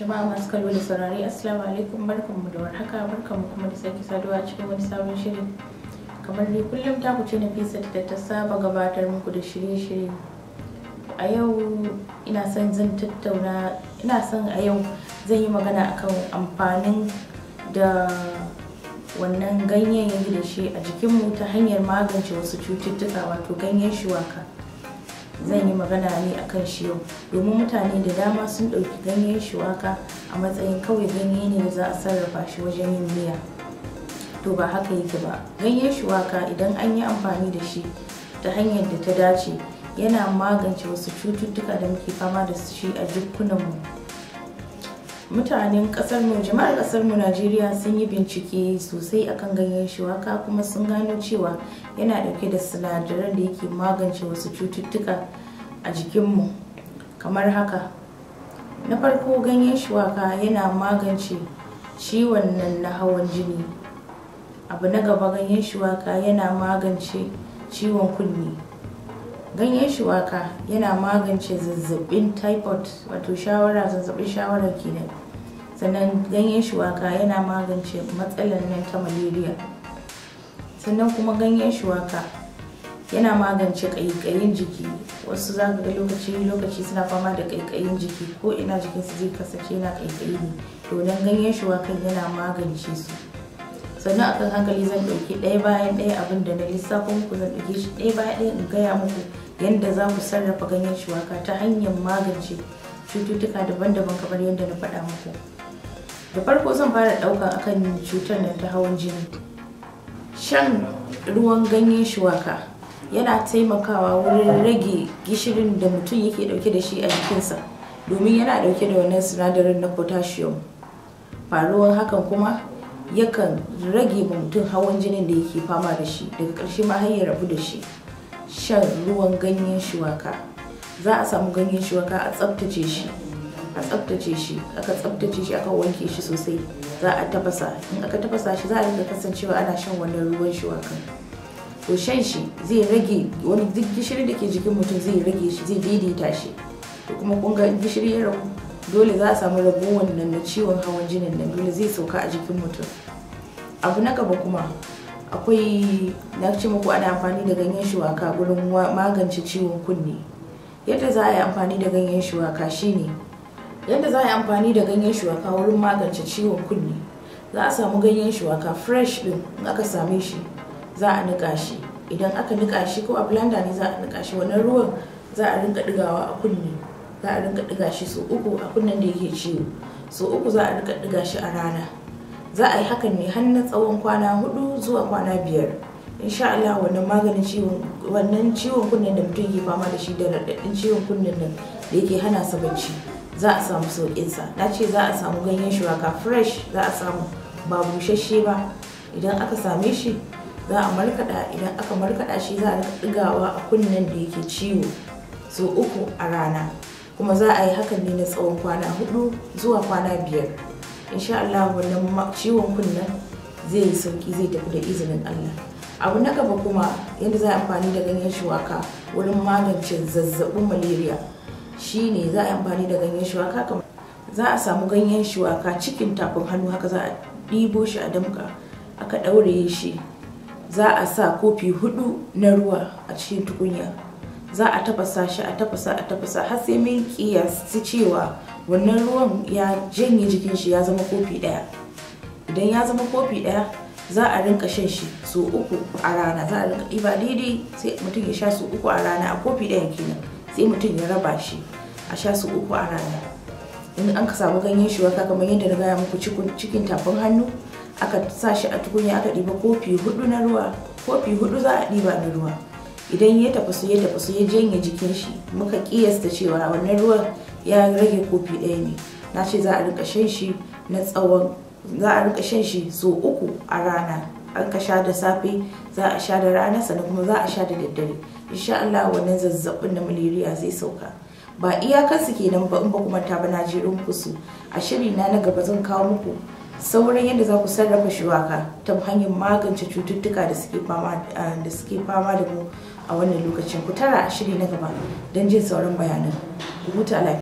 jama'a masu kallo da saurari assalamu alaikum barkanmu da warhaka mu kuma da sake saduwa cikin wani sabon shirin kamar dai kullum ta kuce na fisa da ta saba gabatar muku da shirye-shirye a yau ina son zan tattauna ina son a yau zan yi magana akan amfanin da wannan ganyen yanzu da shi a jikinmu ta hanyar magance wasu cututtuka wato ganyen shuwaka zan yi magana ne a kan shi yau domin mutane da dama sun ɗauki ganyen shuwaka a matsayin kawai ganye ne da za a sarrafa shi wajen yin miya to ba haka yake ba ganyen shuwaka idan an yi amfani da shi ta hanyar da ta dace yana magance wasu cututtuka da muke fama da shi a jikunanmu mutanen kasar mu jama'ar kasar mu Najeriya sun yi bincike sosai akan ganyen shuwaka kuma sun gano cewa yana dauke da sinadaran da yake magance wasu cututtuka a jikinmu kamar haka na farko ganyen shuwaka yana magance ciwon nan na hawan jini abu na gaba ganyen shuwaka yana magance ciwon kunne ganyen shuwaka yana magance zazzabin typhoid wato shawara zazzabin shawara kenan sannan ganyen shuwaka yana magance matsalar nan ta malaria sannan kuma ganyen shuwaka yana magance kaikayin jiki wasu za ga lokaci lokaci suna fama da ƙaiƙayin jiki ko ina su zai kasance yana ƙaiƙayi ne to ganyen shuwakan yana magance su sannan kan hankali zan ɗauki ɗaya bayan ɗaya abin da na lissafo muku zan ɗauke shi ɗaya bayan ɗaya in gaya muku yadda za ku sarrafa ganyen shuwaka ta hanyar magance cututtuka daban-daban kamar yadda na faɗa muku da farko zan fara ɗauka akan cutar nan ta hawan jini shan ruwan ganyen shuwaka yana taimakawa wurin rage gishirin da mutum yake ɗauke da shi a jikinsa domin yana ɗauke da wannan sinadarin na potassium faruwar hakan kuma yakan rage ma mutum hawan jinin da yake fama da shi daga ƙarshe ma har ya rabu da shi shan ruwan ganyen shuwaka za a samu ganyen shuwaka a tsaftace shi a tsaftace shi aka tsaftace shi aka wanke shi sosai za a tafasa in aka tafasa shi za a rinka kasancewa ana shan wannan ruwan shuwaka to shan shi zai rage wani duk gishiri da ke jikin mutum zai rage shi zai daidaita shi to kuma kun ga gishiri ya ragu dole za a samu raguwan wannan na ciwon hawan jinin nan dole zai sauka a jikin mutum abu na gaba kuma akwai na ce muku ana amfani da ganyen shuwaka gurin magance ciwon kunne yadda za a yi amfani da ganyen shuwaka shine yadda za a yi amfani da ganyen shuwaka wurin magance ciwon kunne za a samu ganyen shuwaka fresh din in aka same shi za a nika shi idan aka nika shi ko a blender ne za a nika shi wannan ruwan za a rinka digawa a kunne za a rinka ɗiga shi sau uku a kunnen da yake ciwo sau uku za a rinka ɗiga shi a rana za a yi hakan ne har na tsawon kwana hudu zuwa kwana biyar insha Allah wannan maganin ciwon wannan ciwon kunnen da mutum ke fama da shi da raɗaɗin ciwon kunnen nan da yake hana sa bacci za a samu sauƙin sa na ce za a samu ganyen shuwaka fresh za a samu ba bushashe ba idan aka same shi za a markaɗa idan aka markaɗa shi za a ɗigawa a kunnen da yake ciwo sau uku a rana kuma za a yi hakan ne na tsawon kwana hudu zuwa kwana biyar insha Allah wannan ciwon kunnen zai yi sauki zai tafi da izinin Allah abu na gaba kuma yadda za a amfani da ganyen shuwaka wurin magance zazzabin malaria shi ne za a amfani da ganyen shuwaka kamar za a samu ganyen shuwaka cikin tafin hannu haka za a ɗibo shi a damka aka ɗaure shi za a sa kofi hudu na ruwa a cikin tukunya za a tafasa shi a tafasa a tafasa har sai mun kiyasci cewa wannan ruwan ya janye jikin shi ya zama kofi daya idan ya zama kofi daya za a rinka shan shi so uku a rana za a rinka ɗiba daidai sai mutum ya sha so uku a rana a kofi daya kenan sai mutum ya raba shi a sha so uku a rana in an ka samu ganyen shi waka kamar yadda na gaya muku cikin tafin hannu aka sa shi a tukunya aka ɗiba kofi hudu na ruwa kofi hudu za a ɗiba na ruwa idan ya su ya tafasu ya janye jikin shi muka kiyasta cewa wannan ruwan ya rage kofi ɗaya ne na ce za a rika shan shi na tsawon za a rika shan shi so uku a rana an ka sha da safe za a sha da rana sannan kuma za a sha da daddare insha Allah wannan zazzabin na maleriya zai sauka ba iyakansu kenan ba in ba kuma ta ba na jerin kusu a shiri na na gaba zan kawo muku sauran yadda za ku sarrafa shuwaka ta hanyar magance cututtuka da suke fama da mu a wannan lokacin ku tara a shiri na gaba don jin sauran bayanan ku huta lafiya